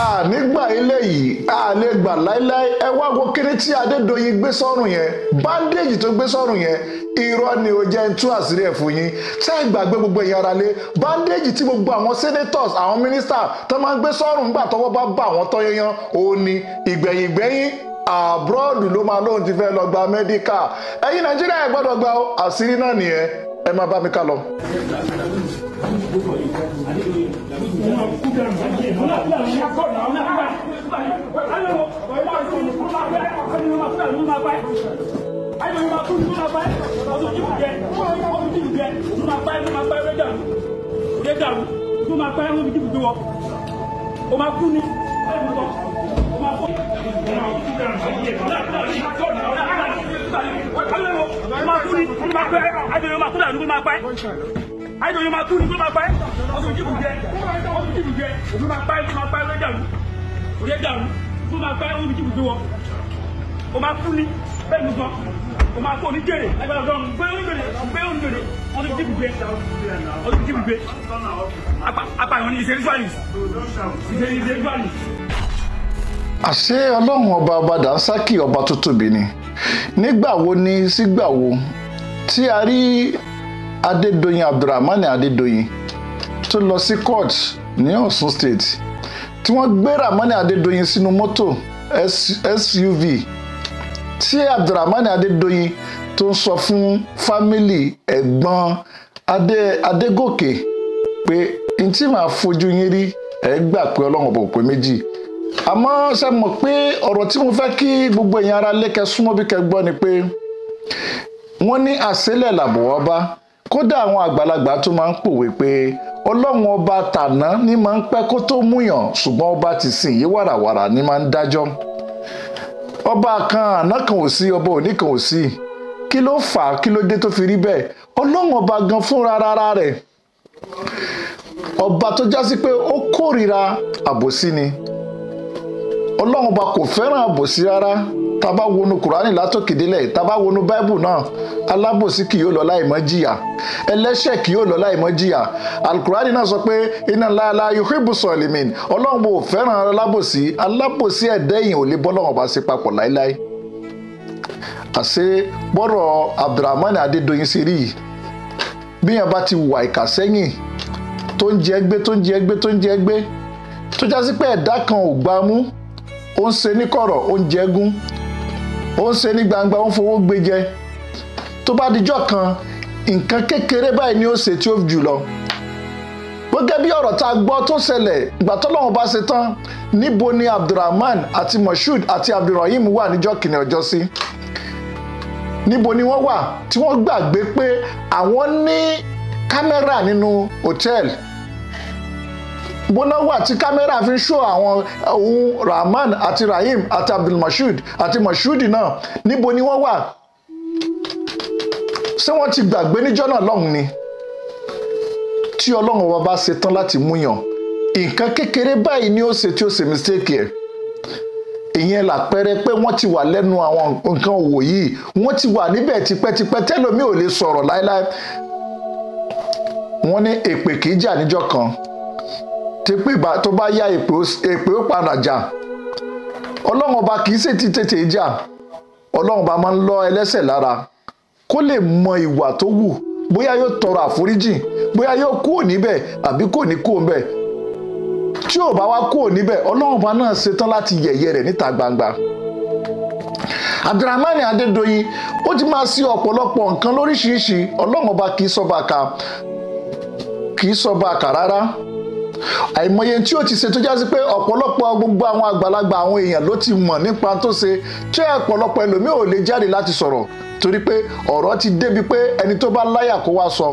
ànígbà eléyìí a lè gbà láéláé ẹ wá wo kéré tí Adédoyin gbé sọ́rùn yẹn bandage tó gbé sọ́rùn yẹn irọ́ ni o jẹ́ ń tú àṣírí ẹ̀ fún yín tẹ́ ẹ gbàgbé gbogbo ẹ̀yin ará lé bandage tí gbogbo àwọn senators àwọn mínísítà tó máa ń gbé sọ́rùn nígbà tọwọ́ bá bá àwọn tọ́yẹyán òun ni ìgbẹ̀yìn gbẹ̀yìn àbúrọ̀dù ló máa lóun ti fẹ́ lọ gba mẹ́díkà ẹ̀yin Nàìjíríà ẹ̀ gbọ́dọ̀ gba àṣírí náà nìyẹn ẹ máa bá mi ká lọ. o ma kú ni. àjọyọ̀ máa kú dànù kó máa pa ẹ́ àjọyọ̀ máa kú ni kó máa pa ẹ́ ọkùnrin jìbù jẹ ọkùnrin jìbù jẹ òun máa pa ẹ́ kó máa pa ẹ́ lọ́jà lù òye dànù kó máa pa ẹ́ òun jìbù jẹ wọ o máa kú ni bẹ́ẹ̀ ló gbọ́n o máa kú ni jèrè agbára ọ̀dọ́ gbé òun jèrè gbé òun jèrè ọkùnrin jìbù jẹ ọkùnrin jìbù jẹ apàyàn ni ìṣèlúfàlìs ìṣèlúfàlìs àṣé ọlọ́run ọba ọba dàásákì ọba tó tóbi ni nígbà wo ni sígbà wo tí a rí Adédoyin Abdulrahman Adédoyin tó lọ sí court ní Ọ̀ṣun state tí wọ́n gbé Rahman Adédoyin sínú mọ́tò SUV tí Abdulrahman Adédoyin tó ń sọ fún fámìlì ẹ̀gbọ́n Adégòkè pé n tí màá fojú yín rí ẹ gbà pé ọlọ́run kò pé méjì àmọ́ ṣe mọ̀ pé ọ̀rọ̀ tí mo fẹ́ kí gbogbo èèyàn ara lé kẹ súnmọ́ bí kẹ gbọ́ ni pé wọ́n ní àṣélẹ̀ làbọ̀ wá bá kódà àwọn àgbàlagbà tó máa ń pòwe pé ọlọ́run ọba tàná ní máa ń pẹ́ kó tó múyàn ṣùgbọ́n ọba ti sìn yí wàràwàrà ní máa ń dájọ́ ọba kan àná kan ò sí ọba òní kan ò sí kí ló fà á kí ló dé tó fi rí bẹ́ẹ̀ ọlọ́run ọba gan fúnra rárá rẹ̀ ọba tó já pé ó kórìíra àbòsí ni ọlọ́run ba kò fẹ́ràn àbòsí rárá tá a bá wọnú kùránì látòkèdélẹ̀ tá a bá wọnú báíbù náà alábòsí kì yóò lọ láìmọ́ jìyà ẹlẹ́ṣẹ̀ kì yóò lọ láìmọ́ jìyà alukurani náà sọ pé iná láàlá yuhibu sọ̀lìmìn ọlọ́run bò fẹ́ràn alábòsí alábòsí ẹ̀dẹ́yìn ò lè bọ́lọ́run bá sí papọ̀ láíláí. àṣé bọ́rọ̀ abdulrahman adédọ́yìn ṣe rí yìí bí yẹn bá ti wà ìkàsẹ́yìn tó ń jẹ gbé tó ń jẹ gbé tó ń jẹ gbé tó jásí pé ẹ̀dá kan ò gbámú ó ń ṣe ní kọ̀rọ̀ ó ń jẹ́gún ó ń ṣe ní gbangba ó ń fowó gbé jẹ tó bá dijọ́ kan nǹkan kékeré báyìí ni ó ṣe tí ó jù lọ gẹ́gẹ́ bí ọ̀rọ̀ tá a gbọ́ tó ṣẹlẹ̀ ìgbà tọ́lọ́run bá ṣe tán níbo ni abdulrahman àti moshood àti abdulrahim wà níjọ́ kìnì ọjọ́ sí níbo ni wọ́n wà tí wọ́n gbàgbé pé àwọn ní kámẹ́rà nínú hòtẹ́ẹ̀lì gbóná wà tí kámẹ́rà fi ń ṣó àwọn ohun Rahman àti Rahim àti Abdulmoshood àti Moshood náà níbo ni wọ́n wà ṣé wọ́n ti gbàgbé níjọ́ náà lọ́hùn ni tí ọlọ́run ọba bá ṣe tán láti mú yàn nǹkan kékeré báyìí ni ó ṣe tí ó ṣe mistake ẹ̀ ìyẹn làpẹẹrẹ pé wọ́n ti wà lẹ́nu àwọn nǹkan òwò yìí wọ́n ti wà níbẹ̀ tipẹ́tipẹ́ tẹ́lómi ò lè sọ̀rọ̀ láéláé wọ́n ní èpè kìí jà níjọ́ kan ti pé ìgbà tó bá yá èpè ó padà jà ọlọ́run ọba kì í ṣe ti tètè jà ọlọ́run ọba máa ń lọ ẹlẹ́sẹ̀ lára kó lè mọ ìwà tó wù bóyá yóò tọrọ àforíjì bóyá yóò kúrò níbẹ̀ àbí kò ní kúrò níbẹ̀ tí ò bá wá kúrò níbẹ̀ ọlọ́run ọba náà ṣetán láti yẹ̀yẹ́ rẹ̀ níta gbangba abdulrahman adédọyìn ó ti máa ṣe ọ̀pọ̀lọpọ̀ nǹkan lóríṣiríṣi ọlọ́run ọba kì í sọ́ba kà kì í sọ́ba kà rárá. àìmọye tí ó ti ṣe tó jásí pé ọ̀pọ̀lọpọ̀ gbogbo àwọn àgbàlagbà àwọn èèyàn ló ti mọ̀ nípa tó ṣe tí ọ̀pọ̀lọpọ̀ ẹlòmíì ò lè jáde láti sọ̀rọ̀ torí pé ọ̀rọ̀ ti débi pé ẹni tó bá láyà kó wá sọ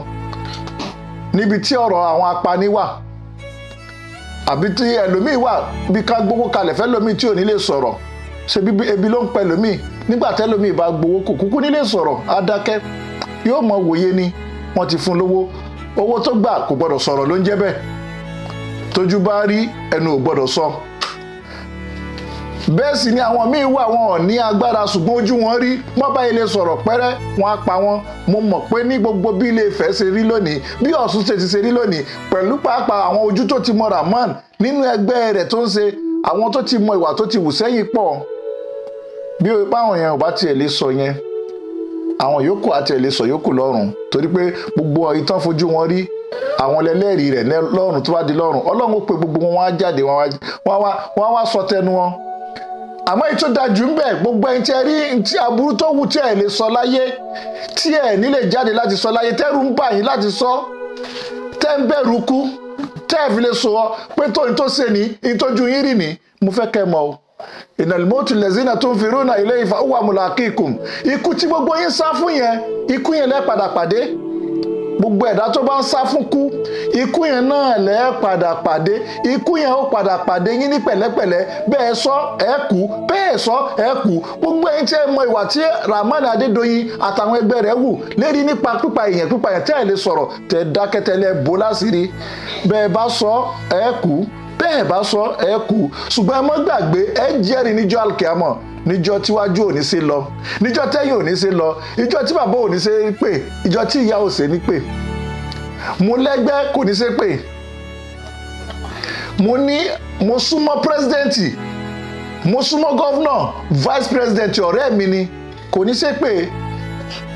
níbi tí ọ̀rọ̀ àwọn apani wà àbí tí ẹlòmíì wà bí ká gbowó kalẹ̀ fẹ́ lómi tí ò ní lè sọ̀rọ̀ ṣe bí ebi ló ń pẹ lómi nígbà tẹ́lómi bá gbowó kò kúkú ní sọ̀rọ̀ á dákẹ́ yóò mọ wòye ni wọ́n ti fún lówó owó tó gbà kò gbọ́dọ̀ sọ̀rọ̀ ló ń jẹ́ bẹ́ẹ̀ tójú bá rí ẹnu ò gbọ́dọ̀ sọ bẹ́ẹ̀ sì ni àwọn míín wà wọn ò ní agbára ṣùgbọ́n ojú wọn rí wọ́n bá ilé sọ̀rọ̀ pẹ́rẹ́ wọn á pa wọn mo mọ̀ pé ní gbogbo bí Ilé Ifẹ̀ ṣe rí lónìí bí Ọ̀ṣun ṣe ti ṣe rí lónìí pẹ̀lú pàápàá àwọn ojú tó ti mọ Rahmon nínú ẹgbẹ́ rẹ̀ tó ń ṣe àwọn tó ti mọ ìwà tó ti wù sẹ́yìn pọ̀ bí báwọn yẹn ò bá tiẹ̀ lè sọ yẹn àwọn yòókù àti ẹ̀ lè sọ yòókù lọ́rùn torí pé gbogbo ìtàn fojú wọn rí àwọn ẹlẹ́rìí rẹ̀ lọ́rùn tó bá di lọ́rùn ọlọ́run ó pe gbogbo wọn wá jáde wọn wá sọ tẹnu wọn àmọ́ èyí tó dájú ń bẹ̀ gbogbo ẹni tí ẹ rí ti aburú tó wù tí ẹ lè sọ láyé tí ẹ nílè jáde láti sọ láyé tẹ́rù ń bà yín láti sọ tẹ́ ń bẹ̀rù kú tẹ́ fi lè sọ pé tóyìn tó ṣe ní ìtọ́jú yín rì ní mo fẹ́ kẹ́ mọ̀ o. ìnàlmọ́tù lẹ́sìnà tó ń fi rúnà ilé ìfà wà mùlàkìkùm ikú tí gbogbo yín sá fún yẹn ikú yẹn lẹ́ padà pàdé gbogbo ẹ̀dá tó bá ń sá fún kú ikú yẹn náà lẹ́ padà pàdé ikú yẹn ó padà pàdé yín ní pẹ̀lẹ́pẹ̀lẹ́ bẹ́ẹ̀ sọ ẹ̀ kú bẹ́ẹ̀ sọ ẹ̀ kú gbogbo tí ẹ mọ ìwà tí Rahman àtàwọn ẹgbẹ́ rẹ̀ wù lérí nípa pípa èèyàn pípa èèyàn tẹ́ ẹ̀ lè sọ̀rọ̀ tẹ́ dákẹ́tẹ́lẹ́ bó sọ ẹ̀ bẹ́ẹ̀ bá sọ ẹ kú ṣùgbọ́n ẹ mọ́ gbàgbé ẹ jẹ́rìí níjọ́ alkẹ́mọ̀ níjọ́ tíwájú ò ní ṣe lọ níjọ́ tẹ́yìn ò ní ṣe lọ ìjọ́ tí bàbá ò ní ṣe pè ìjọ́ tí ìyá ò ṣe ní pè mo lẹ́gbẹ́ kò ní ṣe pè mo ní mo súnmọ́ pírẹ́sidẹ́ǹtì mo súnmọ́ gọ́vnọ̀ vice president ọ̀rẹ́ mi ni kò ní ṣe pè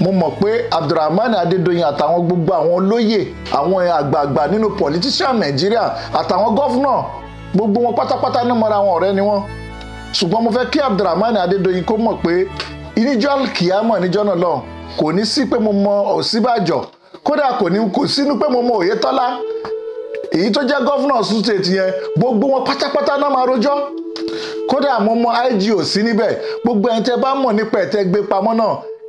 mo mọ̀ pé abdulrahman adédọ̀yìn àtàwọn gbogbo àwọn olóyè àwọn àgbààgbà nínú politician nàìjíríà àtàwọn gọ́fúnà gbogbo wọn pátápátá ní mọ́ra wọn ọ̀rẹ́ ni wọ́n ṣùgbọ́n mo fẹ́ kí abdulrahman adédọ̀yìn kó mọ̀ pé ìníjọ́ kìámọ̀ níjọ́ náà lọ́hùn kò ní sí pé mo mọ òsínbàjò kódà kò ní kò sínú pé mo mọ òyetọ́lá èyí tó jẹ́ gọ́fúnà ọ̀ṣun yẹn gbogbo wọn pátápátá náà máa rojọ́ kódà mo mọ ig ò sí níbẹ̀ gbogbo ẹni tẹ́ bá mọ̀ nípa ẹ̀ tẹ́ gbé pamọ́ náà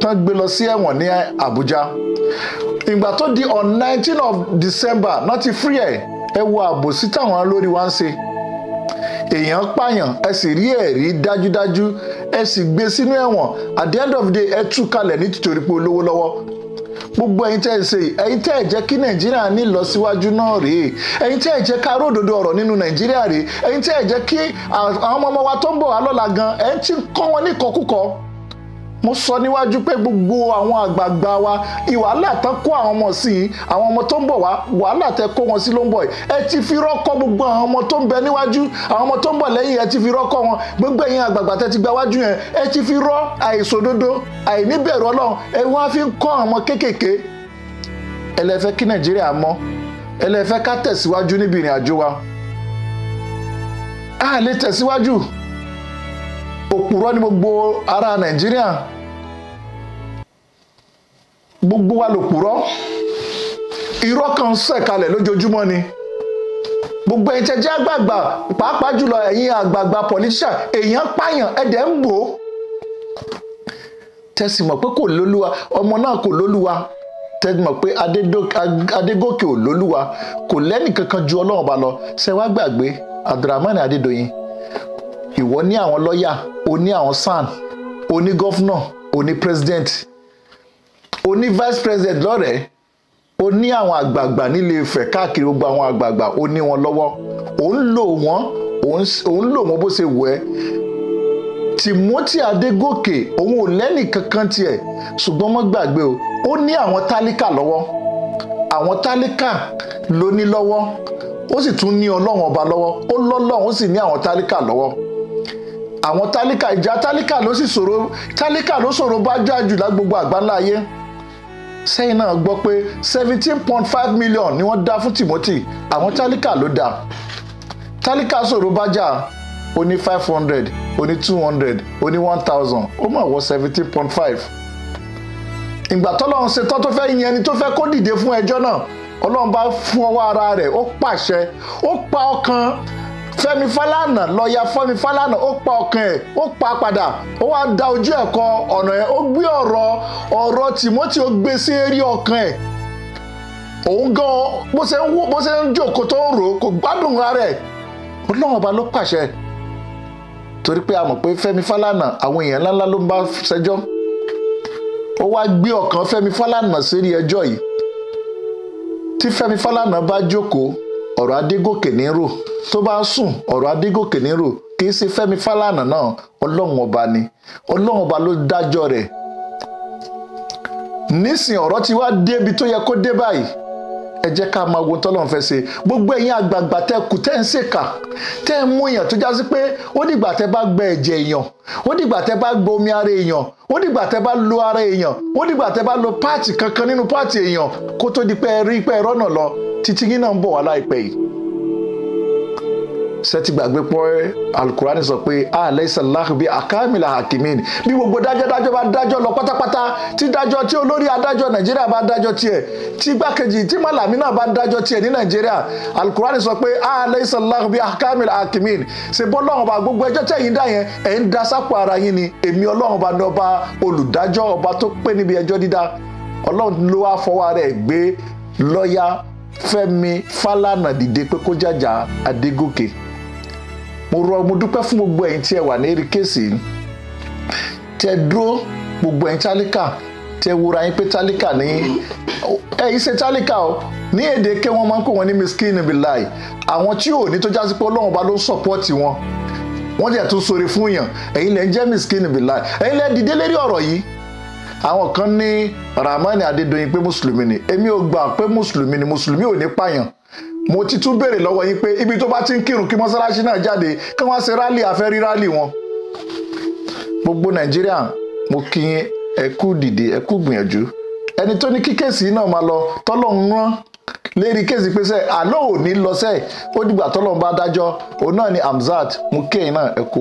tán gbé lọ sí ẹ̀wọ̀n ní Àbújá ìgbà tó di on nineteen of December náà ti free ẹ̀ ẹ wo àbòsí táwọn olórí wa ń ṣe èèyàn pààyàn ẹ sì rí ẹ̀rí dájúdájú ẹ sì gbé sínú ẹ̀wọ̀n at the end of the day ẹ tú kalẹ̀ ní tìtorí pé olówó lọ́wọ́ gbogbo ẹ̀yin tẹ́ ẹ ṣe ẹ̀yin tẹ́ ẹ jẹ́ kí nàìjíríà ní ìlọsíwájú náà rèé ẹ̀yin tẹ́ ẹ jẹ́ ká ródòdó ọ̀rọ̀ nínú nàìjíríà rèé ẹ̀yin tẹ́ ẹ jẹ́ kí àwọn ọmọ wa tó ń bọ̀ wá lọ́la gan ẹ ti kọ́ wọn ní ìkọkúkọ mo sọ níwájú pé gbogbo àwọn àgbààgbà wa ìwàhálà tán kó àwọn ọmọ sí i àwọn ọmọ tó ń bọ̀ wá wàhálà tẹ kó wọn sí ló ń bọ̀ yìí ẹ ti fi rọ́kọ́ gbogbo àwọn ọmọ tó ń bẹ níwájú àwọn ọmọ tó ń bọ̀ lẹ́yìn ẹ ti fi rọ́kọ́ wọn gbogbo ẹ̀yin àgbààgbà tẹ ti gba wájú yẹn ẹ ti fi rọ́ àìṣòdodo àìníbẹ̀rù ọlọ́run ẹ wá fi ń kọ́ àwọn ọmọ kéékèèké ẹ lẹ fẹ́ kí nàìjíríà mọ́ ẹ lẹ fẹ́ ká tẹ̀síwájú níbi ìrìn àjò wa a lè tẹ̀síwájú òpùrọ́ ni gbogbo ará nàìjíríà gbogbo wa lòpùrọ́ irọ́ kan sẹ̀kalẹ̀ lójoojúmọ́ ni gbogbo ẹ̀yin tẹ́ jẹ́ àgbààgbà pàápàá jùlọ ẹ̀yìn àgbààgbà politician èèyàn pààyàn ẹ̀dẹ̀ ń bò ó mọ̀ pé kò lólúwa ọmọ náà kò lólúwa mọ̀ pé adégòkè ò lólúwa kò ju ọlọ́run lọ wá gbàgbé abdulrahman adédọ̀yìn ìwọ ní àwọn lọ́yà o ní àwọn san o ní gọ́fúnà o ní president o ní vice president lọ́rẹ̀ẹ́ o ní àwọn àgbààgbà nílé Ifẹ̀ káàkiri gbogbo àwọn àgbààgbà o ní wọn lọ́wọ́ o ń lò wọ́n o ń lò wọ́n bó ṣe wù ẹ́ Timothy Adégòkè òun ò lẹ́nì kankan tiẹ̀ ṣùgbọ́n mọ́ gbàgbé o ó ní àwọn tálíkà lọ́wọ́ àwọn tálíkà ló ní lọ́wọ́ ó sì tún ní ọlọ́run ọba lọ́wọ́ ó lọ́lọ́run ó sì ní àwọn tálíkà lọ́wọ́ àwọn tálíkà ìjà tálíkà ló sì ṣòro tálíkà ló ṣòro bá já jù lágbogbo àgbáńlá ayé sẹ́yìn náà gbọ́ pé seventeen point five million ni wọ́n dá fún Timothy àwọn tálíkà ló dá tálíkà ṣòro bá jà ó ní five hundred ó ní two hundred ó ní one thousand ó mọ̀ wọ seventeen point five ìgbà tọ́lọ́run ṣe tán tó fẹ́ yan ẹni tó fẹ́ kó dìde fún ẹjọ́ náà ọlọ́run bá fún ọwọ́ ara rẹ̀ ó pàṣẹ ó pa ọkàn falana Fálànà ya fẹmi falana ó pa ọkàn ẹ ó pa padà ó wá da ojú ẹ̀ kọ ọ̀nà ẹ ó gbé ọ̀rọ̀ ọ̀rọ̀ Timothy ó gbé sí eré ọkàn ẹ̀ òun gan bó ṣe ń wó bó ṣe ń tó ń rò ó kò gbádùn ló pàṣẹ torí pé a mọ̀ pé àwọn èèyàn ńláńlá ọ̀rọ̀ adégòkè ní rò tó bá sùn ọ̀rọ̀ adégòkè ní rò kì í ṣe fẹ́mi fálànà náà ọlọ́run ọba ni ọlọ́run ọba ló dájọ́ rẹ̀ nísìn ọ̀rọ̀ ti wá débi tó yẹ kó dé báyìí ẹ jẹ́ ká máa wo tọ́lọ́run fẹ́ ṣe gbogbo ẹ̀yin àgbààgbà tẹ́ kù tẹ́ ń ṣèkà tẹ́ ń mú èèyàn tó jásí pé ó dìgbà tẹ́ bá gbẹ ẹ̀jẹ̀ èèyàn ó dìgbà tẹ́ bá gbẹ omi ara èèyàn ó dìgbà tẹ́ bá lo ara èèyàn ó dìgbà tẹ́ bá lo páàtì kankan nínú páàtì èèyàn kó tó di pé ẹ rí pé ẹ rọ́nà lọ títí yín náà ń bọ̀ wá láìpẹ́ yìí sẹ́tì gbàgbé pọ́ alukurani sọ pé alẹ́ ìsàláhù bíi akamila hakimin bí gbogbo dájọ́dájọ́ bá dájọ́ lọ pátápátá tí dájọ́ tí olórí adájọ́ nàìjíríà bá dájọ́ tiẹ̀ tí gbákejì tí màlàmí náà bá dájọ́ tiẹ̀ ní nàìjíríà alukurani sọ pé alẹ́ ìsàláhù bíi akamila hakimin ṣe bọ́ lọ́wọ́n ba gbogbo ẹjọ́ tẹ̀yìn dá yẹn ẹ̀ ń da sápò ara yín ni èmi ọlọ́run ba ní ọba olùdájọ́ ọba tó pé níbi ẹjọ́ Fẹ́mi Fálànà dìde pé kó jàjà Adégòkè mo rọ mo dúpẹ́ fún gbogbo ẹ̀yin tí ẹ wà ní erékèsí tẹ dúró gbogbo ẹ̀yin tálíkà tẹ wúra yín pé tálíkà ní ẹ̀yin ṣe tálíkà o ní èdè ké wọ́n máa ń kó wọn ní miskin bilai àwọn tí ò ní tó jásí pé Ọlọ́run bá ló ń sọ̀pọ́ọ̀tì wọn wọ́n dẹ̀ tún sọ̀rọ̀ fún yàn ẹ̀yin lẹ́ jẹ́ miskin bilai ẹ̀yin lẹ́ dìde lérí ọ̀rọ̀ yìí àwọn kan ní Ramani Adédoyin pé mùsùlùmí ni èmi ò gbà pé mùsùlùmí ni mùsùlùmí ò ní pààyàn mo ti tún béèrè lọ́wọ́ yín pé ibi tó bá ti ń kírun kí mọ́sálásí náà jáde kí wọ́n ṣe rálì àfẹ́ rí rálì wọn. gbogbo Nàìjíríà mo kí yín ẹ kú dìde ẹ kú gbìyànjú ẹni tó ní kí kéèsì náà máa lọ tọ́lọ̀ ń rán lérí kéèsì pé sẹ́ àlọ́ ò ní lọ sẹ́ ó dìgbà tọ́lọ̀ ń bá dájọ́ òun náà ni Hamzat mo kí náà ẹ kú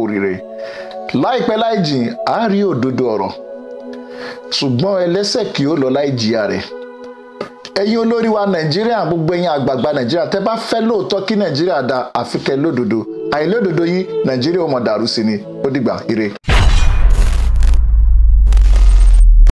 láìpẹ́ láì jìn à òdodo ọ̀rọ̀ ṣùgbọ́n ẹlẹ́sẹ̀ kì ó lọ láì jìyà rẹ̀ ẹ̀yin olórí wa nàìjíríà gbogbo ẹ̀yin àgbààgbà nàìjíríà tẹ́ bá fẹ́ lóòótọ́ kí nàìjíríà da àfikẹ́ lódodo àìlódodo yín nàìjíríà ó mọ̀ dàrú sí ni ó dìgbà ire.